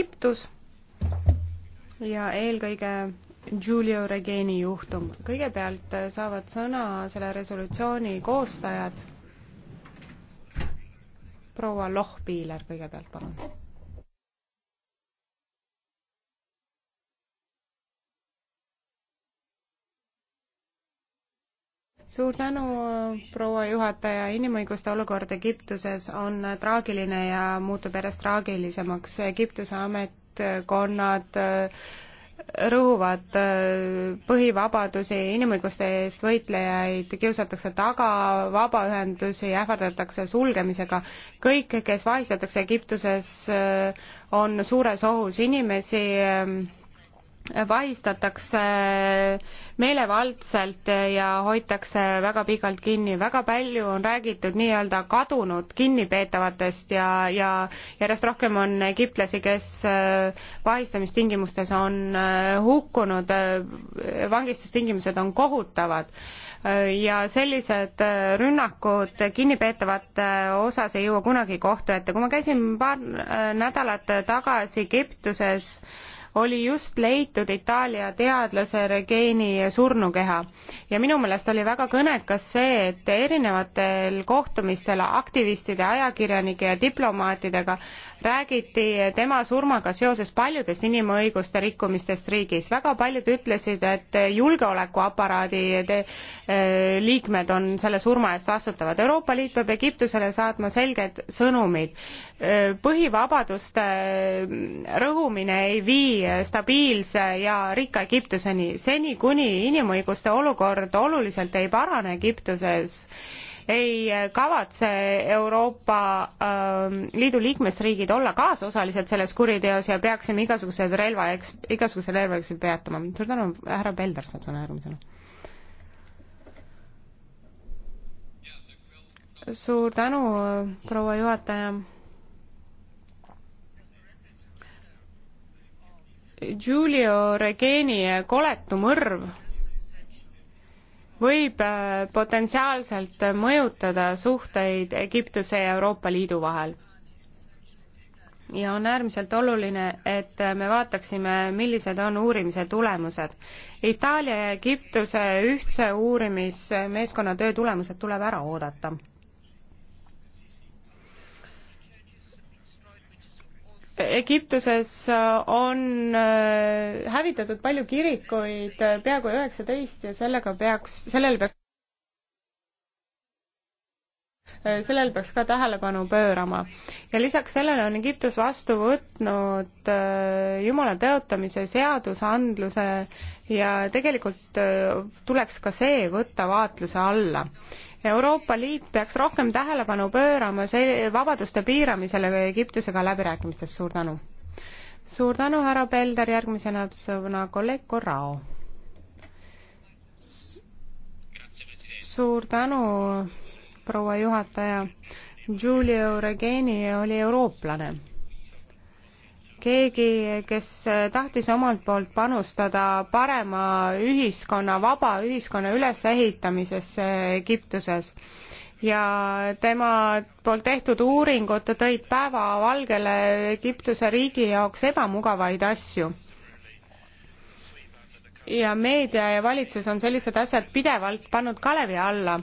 Egiptus ja eelkõige Giulio Regeni juhtum. kõigepealt saavad sõna selle resolutsiooni koostajad. proua Lohpiiler kõigepealt, palun suur tänu, proua juhataja, inimõiguste olukord Egiptuses on traagiline ja muutub järjest traagilisemaks. Egiptuse ametkonnad äh, rõhuvad äh, põhivabadusi, inimõiguste eest võitlejaid kiusatakse taga, vabaühendusi ähvardatakse sulgemisega. kõik, kes vahistatakse Egiptuses, äh, on suures ohus. inimesi ähm, vahistatakse meelevaldselt ja hoitakse väga pikalt kinni. väga palju on räägitud nii-öelda kadunud kinnipeetavatest ja, ja järjest rohkem on egiptlasi, kes äh, vahistamistingimustes on äh, hukkunud, vangistustingimused on kohutavad ja sellised äh, rünnakud kinnipeetavate osas ei jõua kunagi kohtu ette. kui ma käisin paar nädalat tagasi Egiptuses, oli just leitud Itaalia teadlase Regeni surnukeha. ja minu meelest oli väga kõnekas see, et erinevatel kohtumistel aktivistide, ajakirjanike ja diplomaatidega räägiti tema surmaga seoses paljudest inimõiguste rikkumistest riigis. väga paljud ütlesid, et julgeolekuaparaadi e, liikmed on selle surma eest vastutavad. Euroopa Liit peab Egiptusele saatma selged sõnumid. E, põhivabaduste rõhumine ei vii stabiilse ja rikka Egiptuseni. seni, kuni inimõiguste olukord oluliselt ei parane Egiptuses, ei kavatse Euroopa äh, Liidu liikmesriigid olla kaasosalised selles kuriteos ja peaksime igasugused relva, igasuguse relvaeksi peatama. suur tänu, härra Pelder saab sõna järgmisena. suur tänu, proua juhataja Giulio Regeni koletu mõrv võib äh, potentsiaalselt mõjutada suhteid Egiptuse ja Euroopa Liidu vahel. ja on äärmiselt oluline, et me vaataksime, millised on uurimise tulemused. Itaalia ja Egiptuse ühtse uurimismeeskonna töö tulemused tuleb ära oodata Egiptuses äh, on äh, hävitatud palju kirikuid, äh, peaaegu üheksateist ja sellega peaks, sellel peaks sellel peaks ka tähelepanu pöörama. ja lisaks sellele on Egiptus vastu võtnud Jumala tõotamise seadusandluse ja tegelikult tuleks ka see võtta vaatluse alla. Euroopa Liit peaks rohkem tähelepanu pöörama vabaduste piiramisele Egiptusega läbirääkimistes, suur tänu. suur tänu, härra Pelder, järgmisena sõna kolleeg Corrao. suur tänu, proua juhataja. Giulio Regeni oli eurooplane keegi, kes tahtis omalt poolt panustada parema ühiskonna, vaba ühiskonna ülesehitamisesse Egiptuses ja tema poolt tehtud uuringud tõid päevavalgele Egiptuse riigi jaoks ebamugavaid asju ja meedia ja valitsus on sellised asjad pidevalt pannud kalevi alla.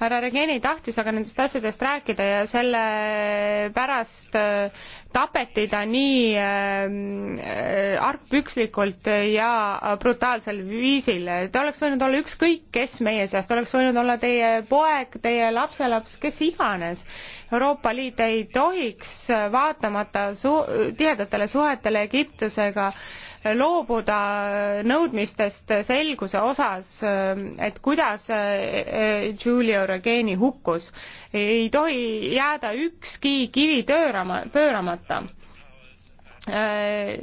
härra Regeni tahtis aga nendest asjadest rääkida ja selle pärast äh, tapeti ta nii äh, argpükslikult ja brutaalsel viisil. ta oleks võinud olla ükskõik kes meie seast, oleks võinud olla teie poeg, teie lapselaps, kes iganes. Euroopa Liit ei tohiks vaatamata su tihedatele suhetele Egiptusega äh, loobuda nõudmistest selguse osas, et kuidas eh, Giulio Regeni hukkus. ei tohi jääda ükski kivi töörama, pööramata. Eh,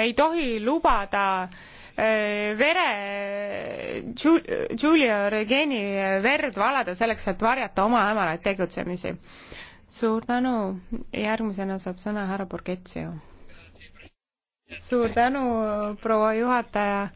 ei tohi lubada eh, vere, Giulio Regeni verd valada selleks, et varjata oma hämaraid tegutsemisi. suur tänu, järgmisena saab sõna härra Borghezio suur tänu, proua juhataja.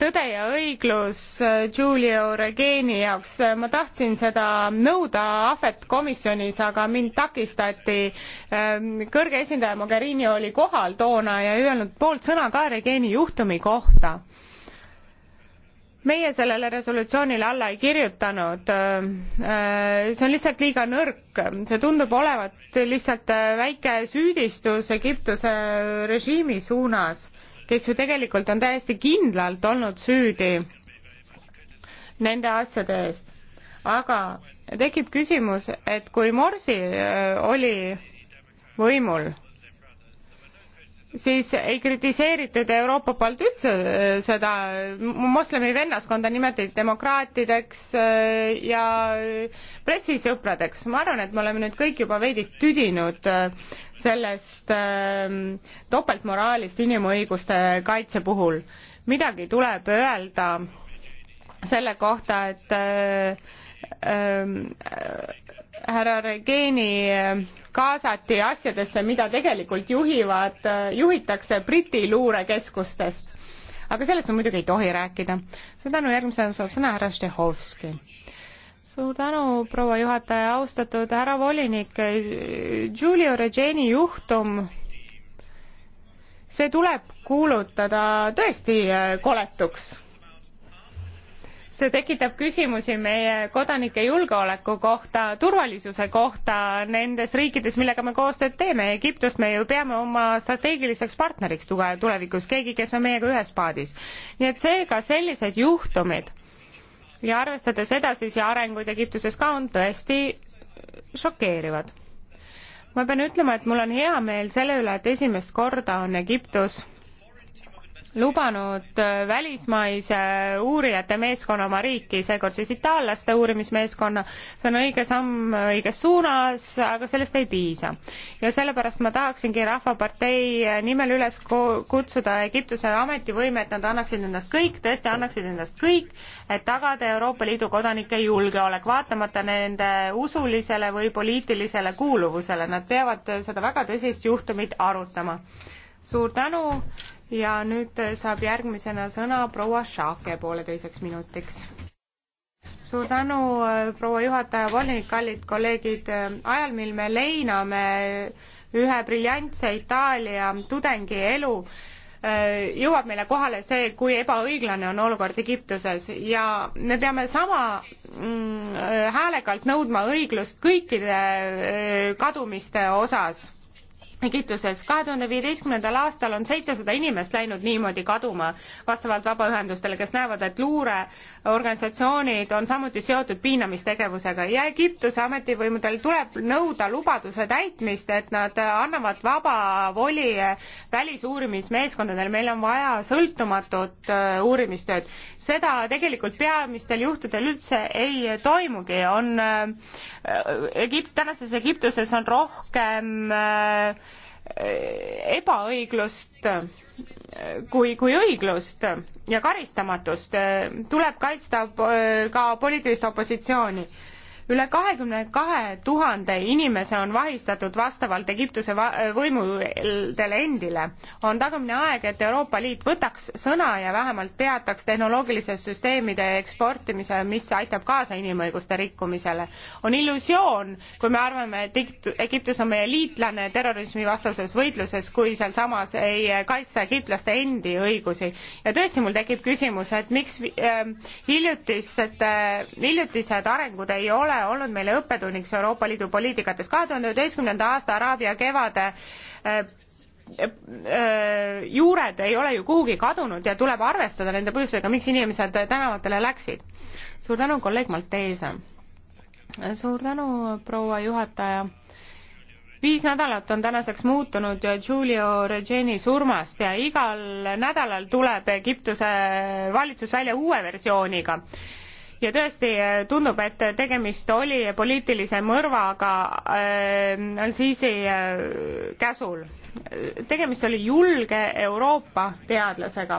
tõde ja õiglus äh, Giulio Regeni jaoks, ma tahtsin seda nõuda Ahvet komisjonis, aga mind takistati. Ähm, kõrge esindaja Mogherini oli kohal toona ja ei öelnud poolt sõna ka Regeni juhtumi kohta meie sellele resolutsioonile alla ei kirjutanud. Äh, see on lihtsalt liiga nõrk, see tundub olevat lihtsalt äh, väike süüdistus Egiptuse režiimi suunas, kes ju tegelikult on täiesti kindlalt olnud süüdi nende asjade eest. aga tekib küsimus, et kui Morsi äh, oli võimul siis ei kritiseeritud Euroopa poolt üldse äh, seda moslemi vennaskonda nimetati demokraatideks äh, ja äh, pressisõpradeks. ma arvan, et me oleme nüüd kõik juba veidi tüdinud sellest topeltmoraalist inimõiguste kaitse puhul. midagi tuleb öelda selle kohta, et härra Regeni kaasati asjadesse, mida tegelikult juhivad, juhitakse Briti luurekeskustest. aga sellest me muidugi ei tohi rääkida. suur tänu, järgmisena saab sõna härra Štehovski. suur tänu, proua juhataja, austatud härra volinik, Giulio Regeni juhtum, see tuleb kuulutada tõesti koletuks see tekitab küsimusi meie kodanike julgeoleku kohta, turvalisuse kohta nendes riikides, millega me koostööd teeme. Egiptust me ju peame oma strateegiliseks partneriks tulevikus, keegi, kes on meiega ühes paadis. nii et seega sellised juhtumid ja arvestades edasisi arenguid Egiptuses ka on tõesti šokeerivad. ma pean ütlema, et mul on hea meel selle üle, et esimest korda on Egiptus lubanud äh, välismaise uurijate meeskonna oma riiki, seekord siis itaallaste uurimismeeskonna. see on õige samm õiges suunas, aga sellest ei piisa. ja sellepärast ma tahaksingi Rahvapartei äh, nimel üles kutsuda Egiptuse ametivõime, et nad annaksid endast kõik, tõesti annaksid endast kõik, et tagada Euroopa Liidu kodanike julgeolek, vaatamata nende usulisele või poliitilisele kuuluvusele. Nad peavad äh, seda väga tõsist juhtumit arutama. suur tänu ja nüüd äh, saab järgmisena sõna proua Šake pooleteiseks minutiks. suur tänu, äh, proua juhataja, volinik, kallid kolleegid, äh, ajal, mil me leiname ühe briljantse Itaalia tudengi elu, jõuab meile kohale see, kui ebaõiglane on olukord Egiptuses ja me peame sama mm, häälekalt nõudma õiglust kõikide kadumiste osas Egiptuses kahe tuhande viieteistkümnendal aastal on seitsesada inimest läinud niimoodi kaduma vastavalt vabaühendustele, kes näevad, et luureorganisatsioonid on samuti seotud piinamistegevusega ja Egiptuse ametivõimudel tuleb nõuda lubaduse täitmist, et nad annavad vaba voli välisuurimismeeskondadele, meil on vaja sõltumatut äh, uurimistööd seda tegelikult peamistel juhtudel üldse ei toimugi, on äh, Egipt, tänases Egiptuses on rohkem äh, ebaõiglust äh, kui, kui õiglust ja karistamatust, tuleb kaitsta ka poliitilist opositsiooni üle kahekümne kahe tuhande inimese on vahistatud vastavalt Egiptuse võimudele endile. on tagumine aeg, et Euroopa Liit võtaks sõna ja vähemalt peataks tehnoloogiliste süsteemide eksportimise, mis aitab kaasa inimõiguste rikkumisele. on illusioon, kui me arvame, et Egiptus on meie liitlane terrorismivastases võitluses, kui sealsamas ei kaitsta egiptlaste endi õigusi. ja tõesti, mul tekib küsimus, et miks äh, hiljutised äh,, hiljutised arengud ei ole ole olnud meile õppetunniks Euroopa Liidu poliitikates. kahe tuhande üheteistkümnenda aasta Araabia kevade äh, äh, juured ei ole ju kuhugi kadunud ja tuleb arvestada nende põhjustega, miks inimesed tänavatele läksid. suur tänu, kolleeg Maltese. suur tänu, proua juhataja viis nädalat on tänaseks muutunud Giulio Regeni surmast ja igal nädalal tuleb Egiptuse valitsus välja uue versiooniga ja tõesti eh, tundub, et tegemist oli poliitilise mõrvaga äh, eh, Al-Sisi äh, eh, käsul. tegemist oli julge Euroopa teadlasega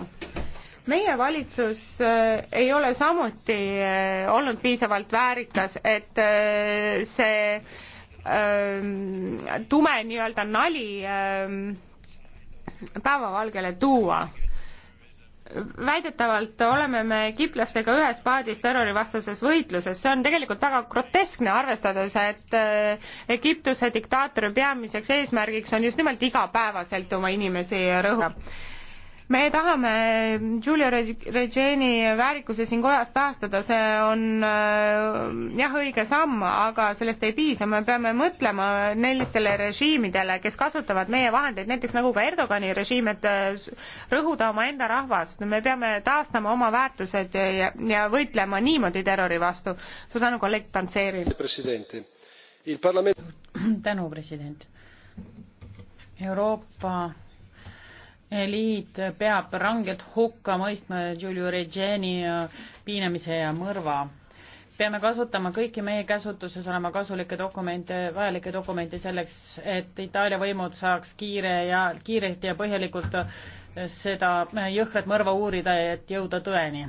meie valitsus ei ole samuti olnud piisavalt väärikas, et see tume nii-öelda nali päevavalgele tuua väidetavalt oleme me kiplastega ühes paadis terrorivastases võitluses, see on tegelikult väga groteskne, arvestades, et äh, Egiptuse diktaatori peamiseks eesmärgiks on just nimelt igapäevaselt oma inimesi rõhuda me tahame Julia Regeni väärikuse siin kojas taastada, see on äh, jah, õige samm, aga sellest ei piisa, me peame mõtlema sellistele režiimidele, kes kasutavad meie vahendeid, näiteks nagu ka Erdogani režiim, et äh, rõhuda omaenda rahvast, me peame taastama oma väärtused ja, ja võitlema niimoodi terrori vastu. suur tänu, kolleeg Pantseeril. tänu, president. Euroopa liit peab rangelt hukka mõistma Giulio Regeni äh, piinamise ja mõrva. peame kasutama kõiki meie käsutuses olema kasulikke dokumente, vajalikke dokumente selleks, et Itaalia võimud saaks kiire ja, kiirelt ja põhjalikult äh, seda äh, jõhkrat mõrva uurida, et jõuda tõeni.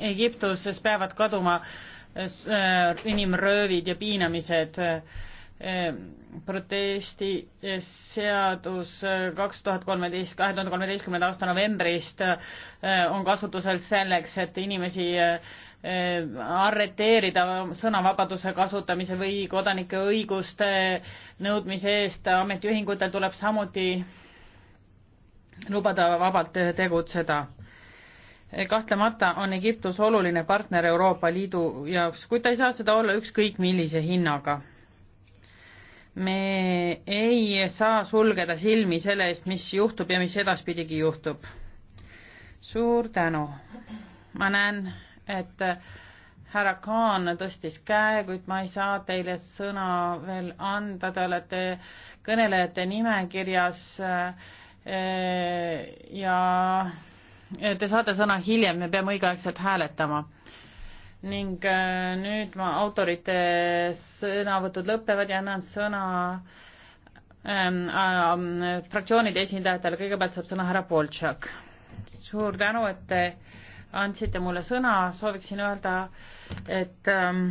Egiptuses peavad kaduma inimröövid ja piinamised Ehm, protesti eh, seadus eh, kaks tuhat kolmeteist, kahe tuhande kolmeteistkümnenda aasta novembrist eh, on kasutusel selleks, et inimesi arreteerida sõnavabaduse kasutamise või kodanike õiguste nõudmise eest, ametiühingutel tuleb samuti lubada vabalt tegutseda kahtlemata on Egiptus oluline partner Euroopa Liidu jaoks, kuid ta ei saa seda olla ükskõik millise hinnaga me ei saa sulgeda silmi selle eest, mis juhtub ja mis edaspidigi juhtub. suur tänu. ma näen, et härra Kaan tõstis käe, kuid ma ei saa teile sõna veel anda, te olete kõnelejate nimekirjas eh, ja te saate sõna hiljem, me peame õigeaegselt hääletama ning äh, nüüd ma autorite sõnavõtud lõpevad ja annan sõna ähm, ähm, fraktsioonide esindajatele, kõigepealt saab sõna härra Boltšak. suur tänu, et te andsite mulle sõna, sooviksin öelda, et ähm,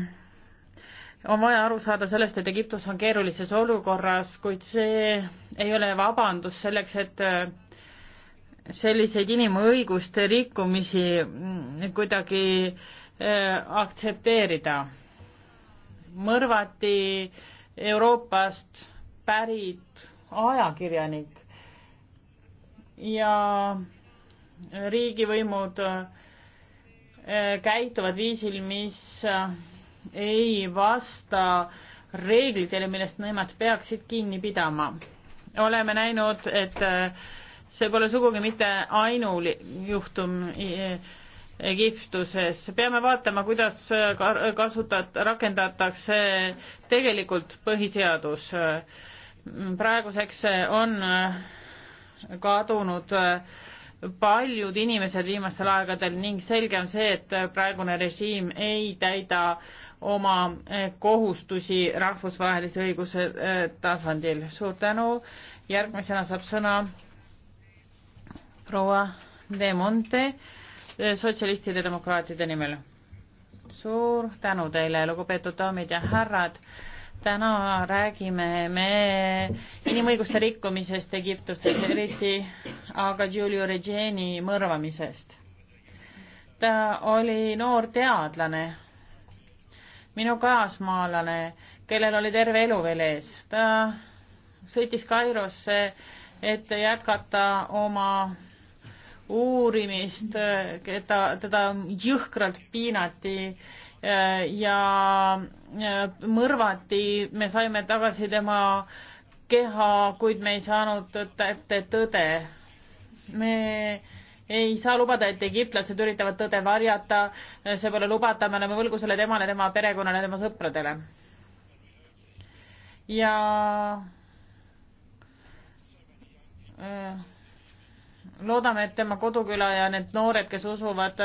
on vaja aru saada sellest, et Egiptus on keerulises olukorras, kuid see ei ole vabandus selleks, et äh, selliseid inimõiguste rikkumisi kuidagi äh, Äh, aktsepteerida. mõrvati Euroopast pärit ajakirjanik ja riigivõimud äh, käituvad viisil, mis äh, ei vasta reeglitele, millest nemad peaksid kinni pidama. oleme näinud, et see pole sugugi mitte ainujuhtum Egiptuses. peame vaatama, kuidas kasutat-, rakendatakse tegelikult põhiseadus. praeguseks on kadunud paljud inimesed viimastel aegadel ning selge on see, et praegune režiim ei täida oma kohustusi rahvusvahelise õiguse äh, tasandil. suur tänu, järgmisena saab sõna proua De Monte Eh, sotsialistide ja demokraatide nimel. suur tänu teile, lugupeetud daamid ja härrad. täna räägime me inimõiguste rikkumisest Egiptuses, eriti aga Giulio Regeni mõrvamisest. ta oli noor teadlane, minu kaasmaalane, kellel oli terve elu veel ees. ta sõitis Kairosse, et jätkata oma uurimist, keda, teda jõhkralt piinati äh, ja äh, mõrvati, me saime tagasi tema keha, kuid me ei saanud kätte tõde. me ei saa lubada, et egiptlased üritavad tõde varjata, see pole lubatav, me oleme võlgu selle temale, tema perekonnale, tema sõpradele. ja äh, loodame, et tema koduküla ja need noored, kes usuvad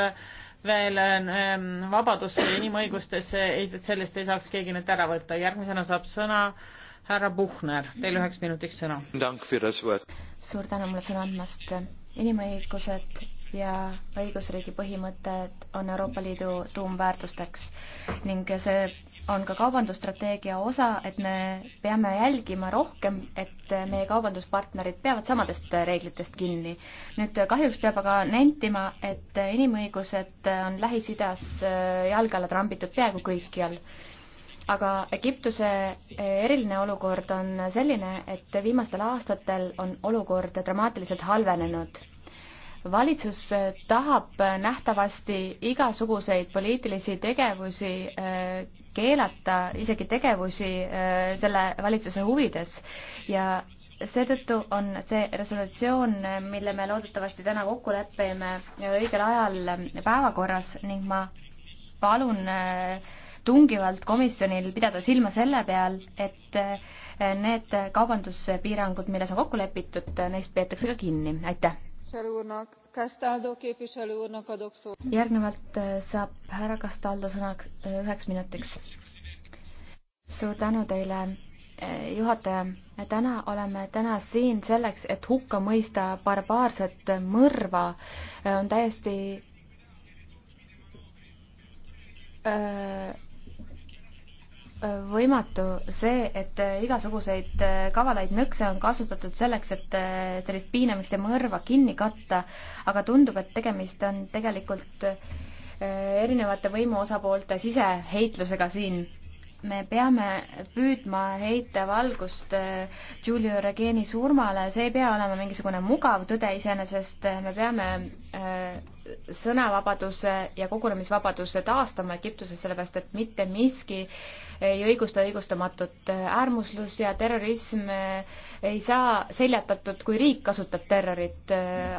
veel ähm, vabadusse ja inimõigustesse, et sellest ei saaks keegi neilt ära võtta. järgmisena saab sõna härra Puhner, teil üheks minutiks sõna. suur tänu mulle sõna andmast. inimõigused ja õigusriigi põhimõtted on Euroopa Liidu tuumväärtusteks ning see on ka kaubandusstrateegia osa, et me peame jälgima rohkem, et meie kaubanduspartnerid peavad samadest reeglitest kinni. nüüd kahjuks peab aga nentima, et inimõigused on Lähis-Idas jalge alla trambitud peaaegu kõikjal. aga Egiptuse eriline olukord on selline, et viimastel aastatel on olukord dramaatiliselt halvenenud valitsus tahab nähtavasti igasuguseid poliitilisi tegevusi äh, keelata, isegi tegevusi äh, selle valitsuse huvides ja seetõttu on see resolutsioon, mille me loodetavasti täna kokku leppime, õigel ajal päevakorras ning ma palun äh, tungivalt komisjonil pidada silma selle peal, et need kaubanduspiirangud, milles on kokku lepitud, neist peetakse ka kinni, aitäh! järgnevalt eh, saab härra Castaldo sõnaks eh, üheks minutiks. suur tänu teile, eh, juhataja. täna oleme täna siin selleks, et hukka mõista barbaarset mõrva. on täiesti öö, võimatu see, et äh, igasuguseid äh, kavalaid nõkse on kasutatud selleks, et äh, sellist piinamist ja mõrva kinni katta, aga tundub, et tegemist on tegelikult erinevate võimu osapoolte siseheitlusega siin me peame püüdma heita valgust äh, Giulio Regeni surmale, see ei pea olema mingisugune mugav tõde iseenesest, me peame äh, sõnavabaduse ja kogunemisvabaduse taastama Egiptuses, sellepärast et mitte miski ei õigusta õigustamatut. äärmuslus ja terrorism äh, ei saa seljatatud, kui riik kasutab terrorit.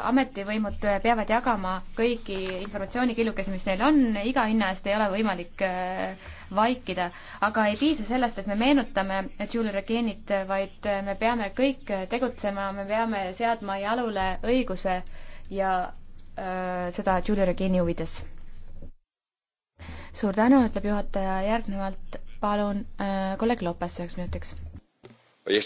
ametivõimud peavad jagama kõiki informatsioonikillukesi, mis neil on, iga hinna eest ei ole võimalik vaikida. aga ei piisa sellest, et me meenutame Julie Regenit, vaid me peame kõik tegutsema, me peame seadma jalule õiguse ja äh, seda Julie Regeni huvides. suur tänu, ütleb juhataja, järgnevalt palun äh, kolleeg Lopes üheks minutiks me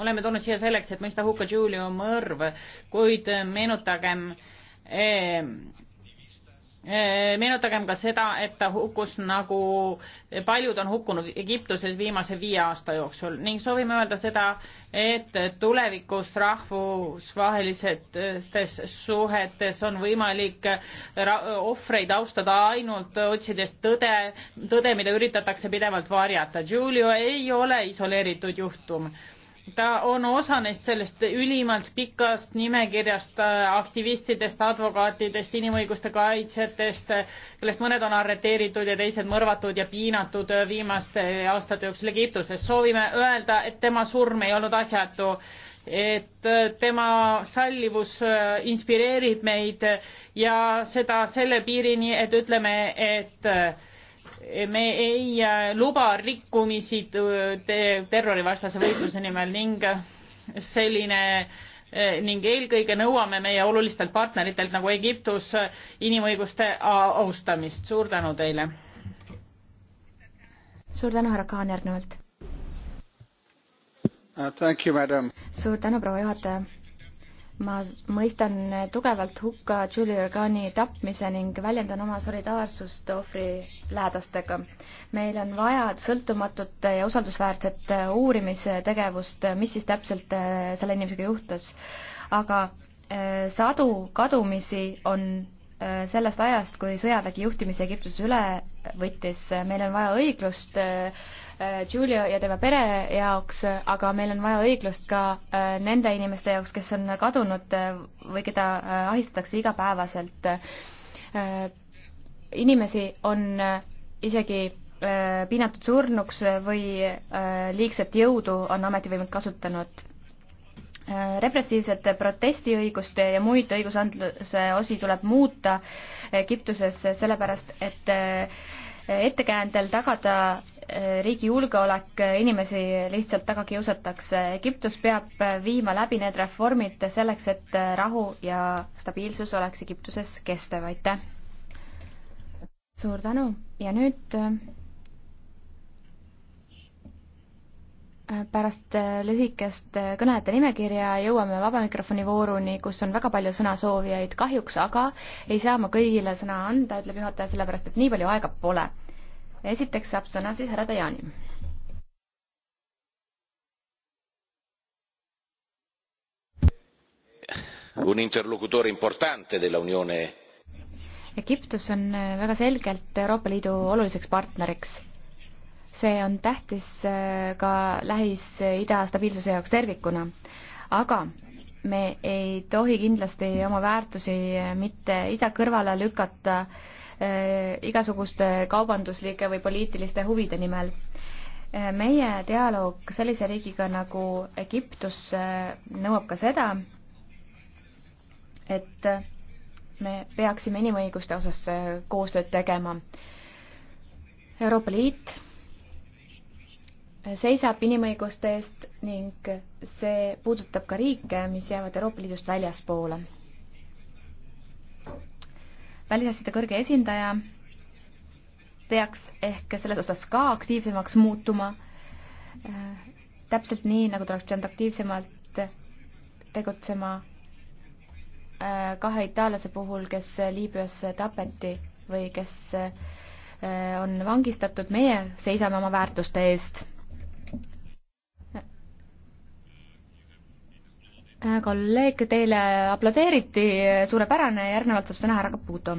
oleme tulnud siia selleks et mõista hukka julio mõrv kuid meenutagem eh, Eh, meenutagem ka seda, et ta hukkus nagu paljud on hukkunud Egiptuses viimase viie aasta jooksul ning soovime öelda seda, et tulevikus rahvusvahelistes suhetes on võimalik ohvreid austada ainult otsides tõde, tõde, mida üritatakse pidevalt varjata. Julio ei ole isoleeritud juhtum ta on osa neist sellest ülimalt pikast nimekirjast äh, aktivistidest, advokaatidest, inimõiguste kaitsjatest, kellest mõned on arreteeritud ja teised mõrvatud ja piinatud äh, viimaste aastate jooksul Egiptuses. soovime öelda, et tema surm ei olnud asjatu, et äh, tema sallivus inspireerib meid ja seda selle piirini, et ütleme, et me ei äh, luba rikkumisi äh, terrorivastase võitluse nimel ning selline äh, ning eelkõige nõuame meie olulistelt partneritelt nagu Egiptus inimõiguste austamist. suur tänu teile. suur tänu, härra Kaan järgnevalt. Uh, suur tänu, proua juhataja ma mõistan tugevalt hukka Julia Regani tapmise ning väljendan oma solidaarsust ohvri lähedastega. meil on vaja sõltumatut ja usaldusväärset uurimistegevust, mis siis täpselt äh, selle inimesega juhtus. aga äh, sadu kadumisi on Äh, sellest ajast, kui sõjavägi juhtimise Egiptuses üle võttis, äh, meil on vaja õiglust äh, Giulio ja tema pere jaoks, aga meil on vaja õiglust ka nende inimeste jaoks, kes on kadunud või keda ahistatakse igapäevaselt. inimesi on isegi piinatud surnuks või liigset jõudu on ametivõimud kasutanud repressiivsete protestiõiguste ja muid õigusandluse osi tuleb muuta Egiptuses sellepärast, et eh, ettekäändel tagada eh, riigi julgeolek, eh, inimesi lihtsalt taga kiusatakse. Egiptus peab viima läbi need reformid selleks, et rahu ja stabiilsus oleks Egiptuses kestev, aitäh! suur tänu ja nüüd pärast äh, lühikest äh, kõnede nimekirja jõuame vaba mikrofoni vooruni, kus on väga palju sõnasoovijaid, kahjuks aga ei saa ma kõigile sõna anda, ütleb juhataja, sellepärast et nii palju aega pole. esiteks saab sõna siis härra Dajani. un interlocutore importante della Unione. Egiptus on äh, väga selgelt Euroopa Liidu oluliseks partneriks see on tähtis äh, ka Lähis-Ida stabiilsuse jaoks tervikuna. aga me ei tohi kindlasti oma väärtusi äh, mitte ise kõrvale lükata äh, igasuguste kaubanduslike või poliitiliste huvide nimel äh,. meie dialoog sellise riigiga nagu Egiptus äh, nõuab ka seda, et äh, me peaksime inimõiguste osas koostööd tegema. Euroopa Liit seisab inimõiguste eest ning see puudutab ka riike, mis jäävad Euroopa Liidust väljaspoole. välisasjade kõrge esindaja peaks ehk selles osas ka aktiivsemaks muutuma. täpselt nii, nagu ta oleks pidanud aktiivsemalt tegutsema äh, kahe itaallase puhul, kes Liibüas tapeti või kes äh, on vangistatud, meie seisame oma väärtuste eest Äh, kolleeg, teile aplodeeriti, äh, suurepärane, järgnevalt saab sõna härra Caputo.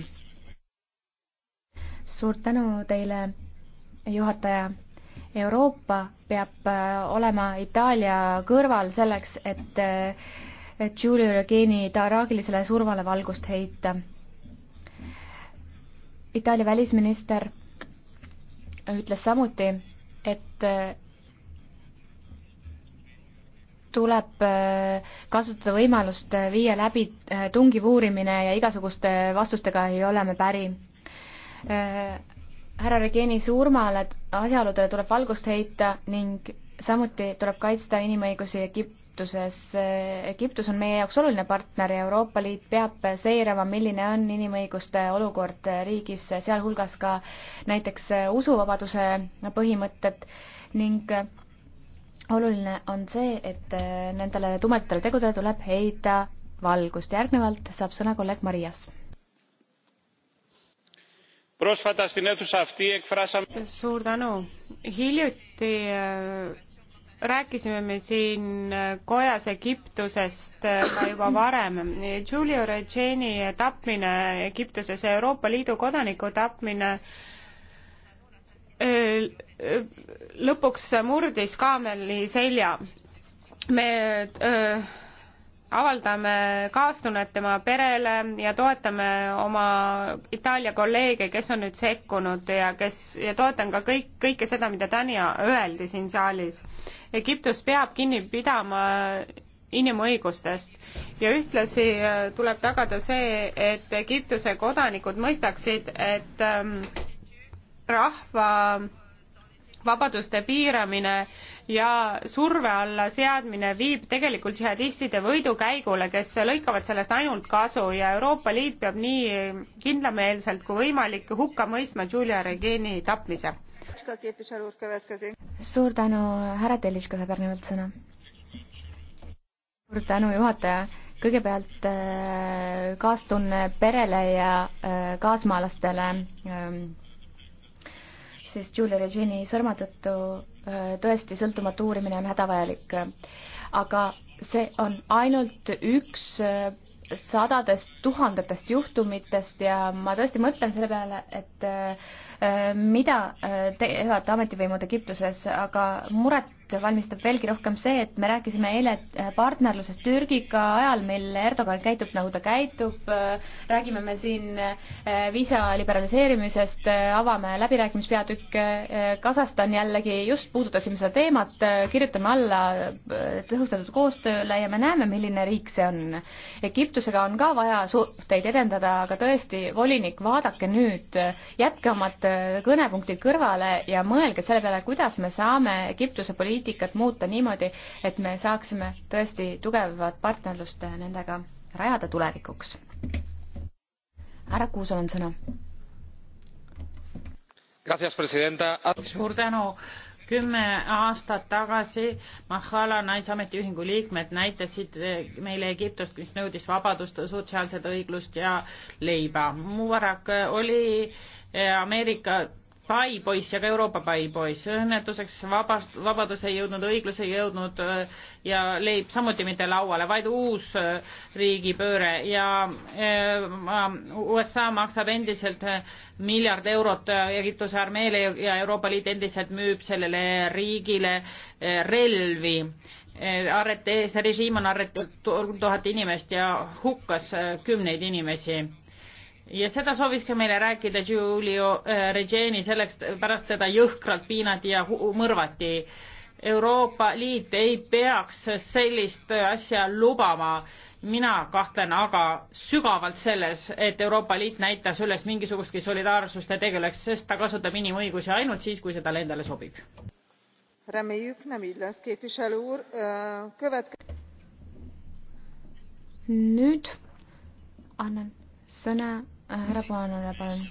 suur tänu teile, juhataja. Euroopa peab äh, olema Itaalia kõrval selleks, et Giulio Regini traagilisele surmale valgust heita. Itaalia välisminister ütles samuti, et tuleb äh, kasutada võimalust äh, viia läbi äh, tungiv uurimine ja igasuguste vastustega ei ole me päri. härra Regeni surmale asjaoludele tuleb valgust heita ning samuti tuleb kaitsta inimõigusi Egiptuses. Egiptus on meie jaoks oluline partner ja Euroopa Liit peab seirama, milline on inimõiguste olukord riigis, sealhulgas ka näiteks usuvabaduse põhimõtted ning äh, oluline on see, et äh, nendele tumedatele tegudele tuleb heida valgust. järgnevalt saab sõna kolleeg Marias. suur tänu. hiljuti äh, rääkisime me siin äh, kojas Egiptusest ka juba varem. Giulio Regeni tapmine Egiptuses, Euroopa Liidu kodaniku tapmine äh, lõpuks murdis kaameli selja. me öö, avaldame kaastunnet tema perele ja toetame oma Itaalia kolleege, kes on nüüd sekkunud ja kes, ja toetan ka kõik, kõike seda, mida täna öeldi siin saalis. Egiptus peab kinni pidama inimõigustest ja ühtlasi tuleb tagada see, et Egiptuse kodanikud mõistaksid, et ähm, rahva vabaduste piiramine ja surve alla seadmine viib tegelikult džihadistide võidukäigule, kes lõikavad sellest ainult kasu ja Euroopa Liit peab nii kindlameelselt kui võimalik hukka mõistma Julia Regini tapmise. suur tänu, härra Telliska saab järgnevalt sõna. suur tänu, juhataja kõigepealt äh, kaastunne perele ja äh, kaasmaalastele ähm, siis Julia Regini surma tõttu äh, tõesti sõltumatu uurimine on hädavajalik. aga see on ainult üks äh, sadadest tuhandetest juhtumitest ja ma tõesti mõtlen selle peale, et äh, mida teevad ametivõimud Egiptuses, aga muret muret valmistab veelgi rohkem see, et me rääkisime eile äh, partnerlusest Türgiga ajal, mil Erdogan käitub, nagu ta käitub, äh, räägime me siin äh, viisa liberaliseerimisest, avame läbirääkimispeatükk, Kasahstan jällegi, just puudutasime seda teemat, kirjutame alla tõhustatud koostööle ja me näeme, milline riik see on. Egiptusega on ka vaja suhteid edendada, aga tõesti, volinik, vaadake nüüd, jätke omad kõnepunktid kõrvale ja mõelge selle peale, kuidas me saame Egiptuse poliitika poliitikat muuta niimoodi, et me saaksime tõesti tugevat partnerlust nendega rajada tulevikuks. härra Kuusal on sõna. suur tänu kümme aastat tagasi Mahala Naisametiühingu liikmed näitasid meile Egiptust, mis nõudis vabadust, sotsiaalset õiglust ja leiba. Mubarak oli Ameerika pai poiss ja ka Euroopa pai poiss. õnnetuseks vabast, vabadus ei jõudnud, õiglus ei jõudnud äh, ja leib samuti mitte lauale, vaid uus äh, riigipööre ja äh, USA maksab endiselt miljard eurot Egiptuse armeele ja Euroopa Liit endiselt müüb sellele riigile relvi arrete, see režiim on arreteerinud tuhat inimest ja hukkas kümneid inimesi ja seda soovis ka meile rääkida Giulio äh, Regeni, selleks pärast teda jõhkralt piinati ja mõrvati. Euroopa Liit ei peaks sellist asja lubama. mina kahtlen aga sügavalt selles, et Euroopa Liit näitas üles mingisugustki solidaarsust ja tegeleks, sest ta kasutab inimõigusi ainult siis, kui see talle endale sobib. nüüd annan sõna Äh, härra Paanole, palun.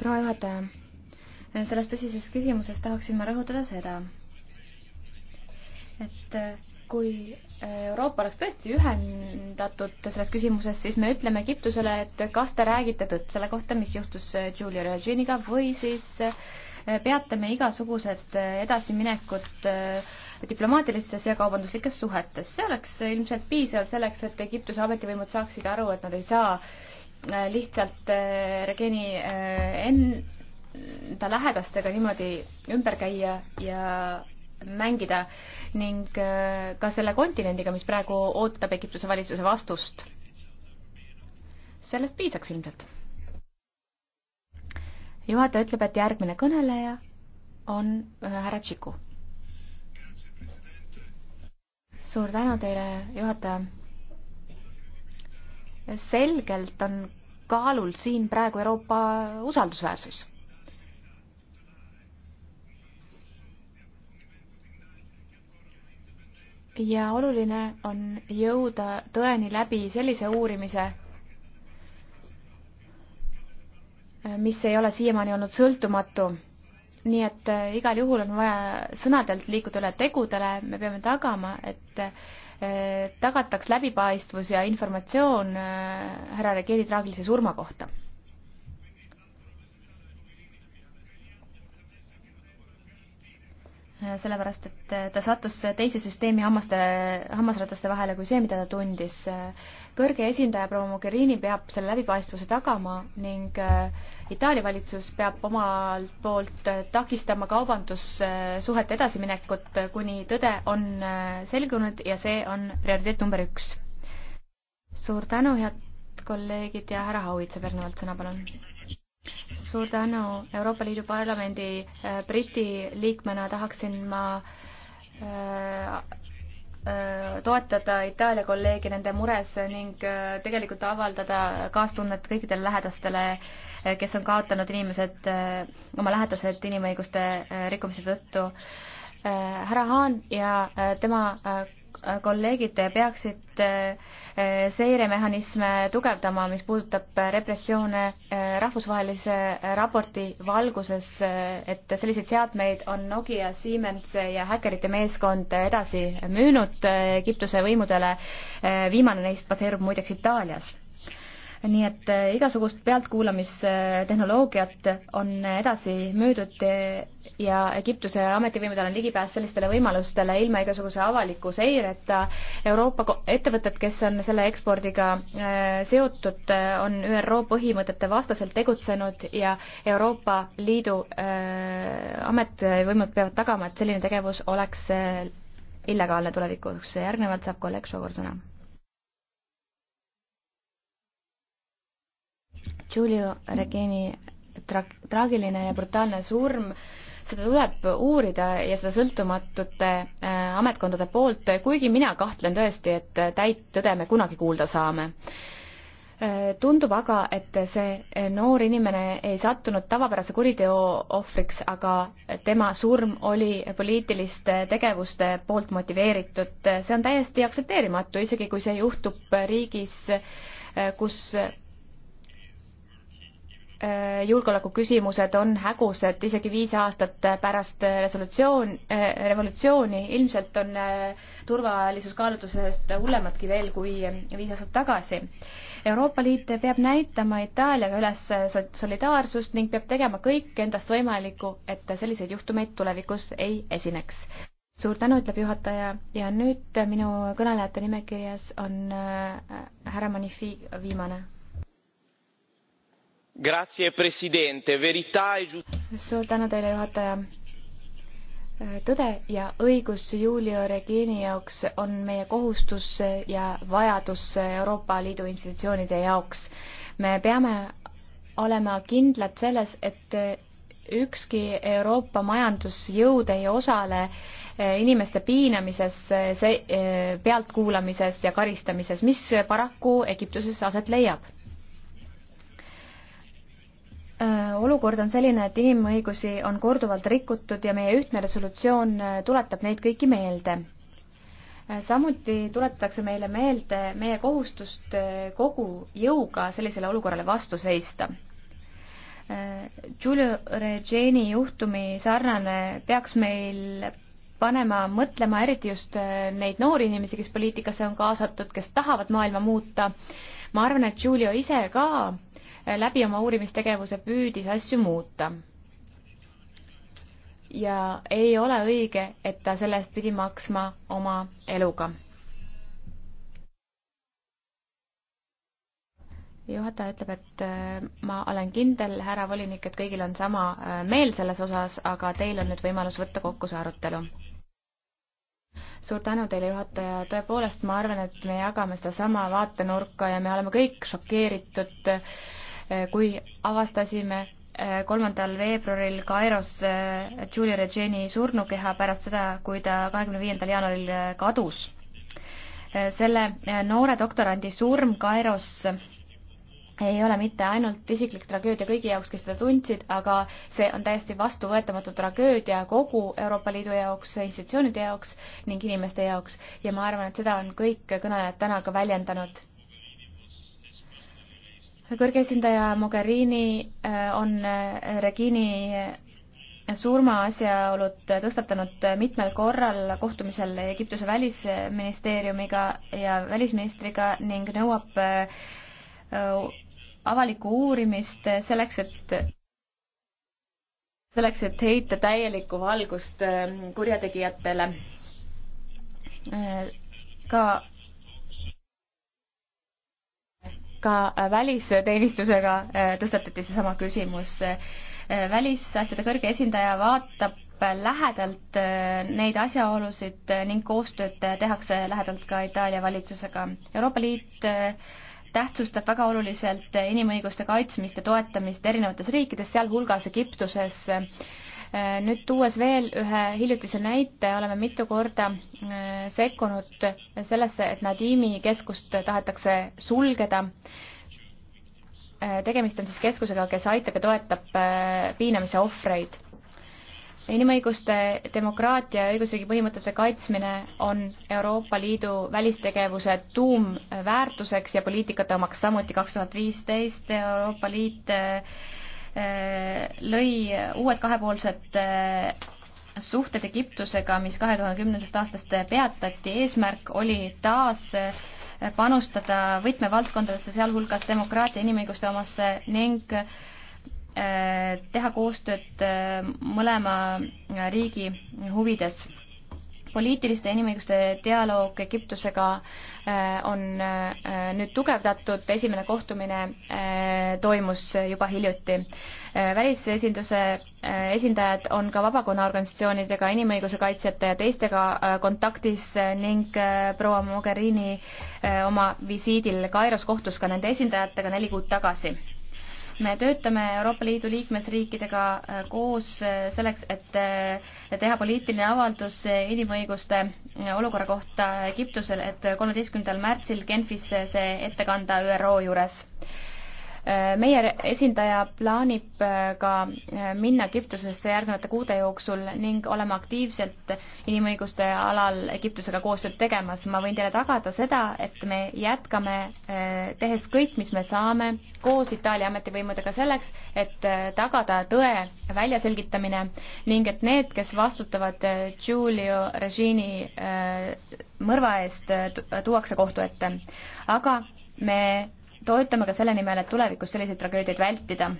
proua juhataja, selles tõsises küsimuses tahaksin ma rõhutada seda, et äh, kui äh, Euroopa oleks tõesti ühendatud selles küsimuses, siis me ütleme Egiptusele, et kas te räägite tõtt selle kohta, mis juhtus Julia Reginiga või siis peatame igasugused edasiminekud äh, diplomaatilistes ja kaubanduslikes suhetes. see oleks ilmselt piisav selleks, et Egiptuse ametivõimud saaksid aru, et nad ei saa äh, lihtsalt äh, Regeni äh, enda lähedastega niimoodi ümber käia ja mängida ning ka selle kontinendiga, mis praegu ootab Egiptuse valitsuse vastust. sellest piisaks ilmselt. juhataja ütleb, et järgmine kõneleja on härra Tšiku suur tänu teile, juhataja. selgelt on kaalul siin praegu Euroopa usaldusväärsus. ja oluline on jõuda tõeni läbi sellise uurimise, mis ei ole siiamaani olnud sõltumatu nii et äh, igal juhul on vaja sõnadelt liikuda üle tegudele, me peame tagama, et äh, tagataks läbipaistvus ja informatsioon äh, härra Regeeri traagilise surma kohta sellepärast et ta sattus teise süsteemi hammaste, hammasrataste vahele kui see, mida ta tundis. kõrge esindaja proua Mogherini peab selle läbipaistvuse tagama ning äh, Itaalia valitsus peab omalt poolt äh, takistama kaubandussuhete edasiminekut, äh, kuni tõde on selgunud ja see on prioriteet number üks. suur tänu, head kolleegid ja härra Hauitsa, Pärnu alt sõna, palun suur tänu, Euroopa Liidu Parlamendi äh, Briti liikmena tahaksin ma äh, äh, toetada Itaalia kolleegi nende mures ning tegelikult avaldada kaastunnet kõikidele lähedastele, kes on kaotanud inimesed, oma lähedased inimõiguste rikkumise tõttu. härra Haan ja tema Äh, kolleegid, te peaksite äh, seiremehhanisme tugevdama, mis puudutab äh, repressioone rahvusvahelise raporti valguses, et selliseid seadmeid on Nokia, Siemens ja häkkerite meeskond edasi müünud Egiptuse võimudele. viimane neist baseerub muideks Itaalias nii et äh, igasugust pealtkuulamistehnoloogiat on edasi müüdud äh, ja Egiptuse ametivõimudel on ligipääs sellistele võimalustele ilma igasuguse avaliku seireta. Euroopa ettevõtted, kes on selle ekspordiga äh, seotud, on ÜRO põhimõtete vastaselt tegutsenud ja Euroopa Liidu ametivõimud peavad tagama, et selline tegevus oleks illegaalne tulevikuks. järgnevalt saab kolleeg Šogor sõna Giulio Regeni tra-, traagiline ja brutaalne surm, seda tuleb uurida ja seda sõltumatute äh, ametkondade poolt, kuigi mina kahtlen tõesti, et täit tõde me kunagi kuulda saame äh, tundub aga, et see noor inimene ei sattunud tavapärase kuriteo ohvriks, aga tema surm oli poliitiliste tegevuste poolt motiveeritud. see on täiesti aktsepteerimatu, isegi kui see juhtub riigis, äh, kus Äh, julgeolekuküsimused on hägused isegi viis aastat pärast äh, resolutsioon, äh, revolutsiooni. ilmselt on turvalisuskaalutlusest hullematki veel kui viis aastat tagasi. Euroopa Liit peab näitama Itaaliaga üles solidaarsust ning peab tegema kõik endast võimalikku, et selliseid juhtumeid tulevikus ei esineks. suur tänu, ütleb juhataja ja nüüd minu kõnelejate nimekirjas on härra Manifi viimane E suur tänu teile juhataja tõde ja õigus Julio Regini jaoks on meie kohustus ja vajadus Euroopa Liidu institutsioonide jaoks. me peame olema kindlad selles, et ükski Euroopa majandusjõud ei osale inimeste piinamises, eh, pealtkuulamises ja karistamises, mis paraku Egiptuses aset leiab Äh, olukord on selline, et inimõigusi on korduvalt rikutud ja meie ühtne resolutsioon äh, tuletab neid kõiki meelde. Äh, samuti tuletatakse meile meelde meie kohustust kogu jõuga sellisele olukorrale vastu seista. Giulio Regeni juhtumi sarnane peaks meil panema mõtlema eriti just neid noori inimesi, kes poliitikasse on kaasatud, kes tahavad maailma muuta. ma arvan, et Giulio ise ka läbi oma uurimistegevuse püüdis asju muuta. ja ei ole õige, et ta selle eest pidi maksma oma eluga. juhataja ütleb, et äh, ma olen kindel, härra volinik, et kõigil on sama äh, meel selles osas, aga teil on nüüd võimalus võtta kokku see arutelu suur tänu teile, juhataja, tõepoolest ma arvan, et me jagame sedasama vaatenurka ja me oleme kõik šokeeritud äh, Eh, kui avastasime eh, kolmandal veebruaril Kairos Julia eh, Regeni surnukeha pärast seda, kui ta kahekümne viiendal jaanuaril kadus. selle noore doktorandi surm Kairos ei ole mitte ainult isiklik tragöödia kõigi jaoks, kes seda tundsid, aga see on täiesti vastuvõetamatu tragöödia kogu Euroopa Liidu jaoks, institutsioonide jaoks ning inimeste jaoks ja ma arvan, et seda on kõik kõnelejad täna ka väljendanud kõrge esindaja Mogherini äh, on äh, Regini äh, surma asjaolud tõstatanud mitmel korral kohtumisel Egiptuse välisministeeriumiga ja välisministriga ning nõuab avalikku uurimist selleks, et selleks, et heita täielikku valgust kurjategijatele. ka ka äh, välisteenistusega äh, tõstatati seesama küsimus. Äh, välisasjade kõrge esindaja vaatab lähedalt neid asjaolusid ning koostööd tehakse lähedalt ka Itaalia valitsusega. Euroopa Liit tähtsustab väga oluliselt inimõiguste kaitsmist ja toetamist erinevates riikides, sealhulgas Egiptuses nüüd tuues veel ühe hiljutise näite, oleme mitu korda äh, sekkunud sellesse, et Nadimi keskust tahetakse sulgeda. Äh, tegemist on siis keskusega, kes aitab ja toetab äh, piinamise ohvreid inimõiguste, demokraatia ja õigusriigi põhimõtete kaitsmine on Euroopa Liidu välistegevuse tuumväärtuseks ja poliitikate omaks samuti kaks tuhat viisteist Euroopa Liit lõi uued kahepoolsed äh, suhted Egiptusega, mis kahe tuhande kümnendast aastast peatati, eesmärk oli taas äh, panustada võtmevaldkondadesse, sealhulgas demokraatia, inimõiguste omasse ning äh, teha koostööd mõlema riigi huvides poliitiliste ja inimõiguste dialoog Egiptusega äh, on äh, nüüd tugevdatud, esimene kohtumine äh, toimus juba hiljuti. välisesinduse esindajad on ka vabakonnaorganisatsioonidega, inimõiguse kaitsjate ja teistega kontaktis ning proua Mogherini oma visiidil Kairos kohtus ka nende esindajatega neli kuud tagasi me töötame Euroopa Liidu liikmesriikidega äh, koos äh, selleks, et äh, teha poliitiline avaldus inimõiguste olukorra kohta Egiptusel, et kolmeteistkümnendal märtsil Genfis see ette kanda ÜRO juures meie esindaja plaanib äh, ka äh, minna Egiptusesse järgnevate kuude jooksul ning olema aktiivselt inimõiguste alal Egiptusega koostööd tegemas. ma võin teile tagada seda, et me jätkame äh, tehes kõik, mis me saame koos Itaalia ametivõimudega selleks, et tagada tõe väljaselgitamine ning et need, kes vastutavad Giulio režiimi mõrva eest, tuuakse kohtu ette. aga me toetame ka selle nimel, et tulevikus selliseid tragöödiaid vältida.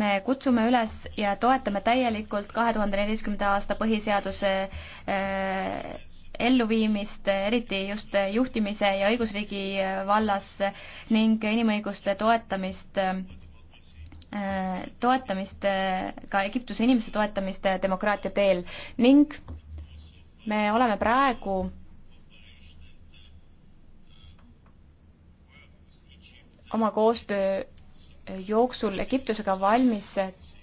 me kutsume üles ja toetame täielikult kahe tuhande neljateistkümnenda aasta põhiseaduse äh, elluviimist, eriti just juhtimise ja õigusriigi vallas ning inimõiguste toetamist äh, toetamist, äh, ka Egiptuse inimeste toetamist demokraatia teel ning me oleme praegu oma koostöö jooksul Egiptusega valmis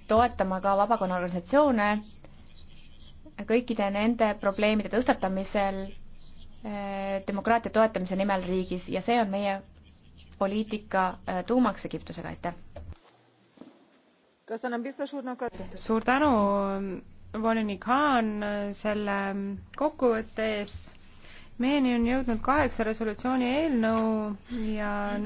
toetama ka vabakonna organisatsioone kõikide nende probleemide tõstatamisel eh, demokraatia toetamise nimel riigis ja see on meie poliitika eh, tuumaks Egiptusega, aitäh! suur tänu, eh, volinik Haan, selle kokkuvõtte eest. meieni on jõudnud kaheksa resolutsiooni eelnõu ja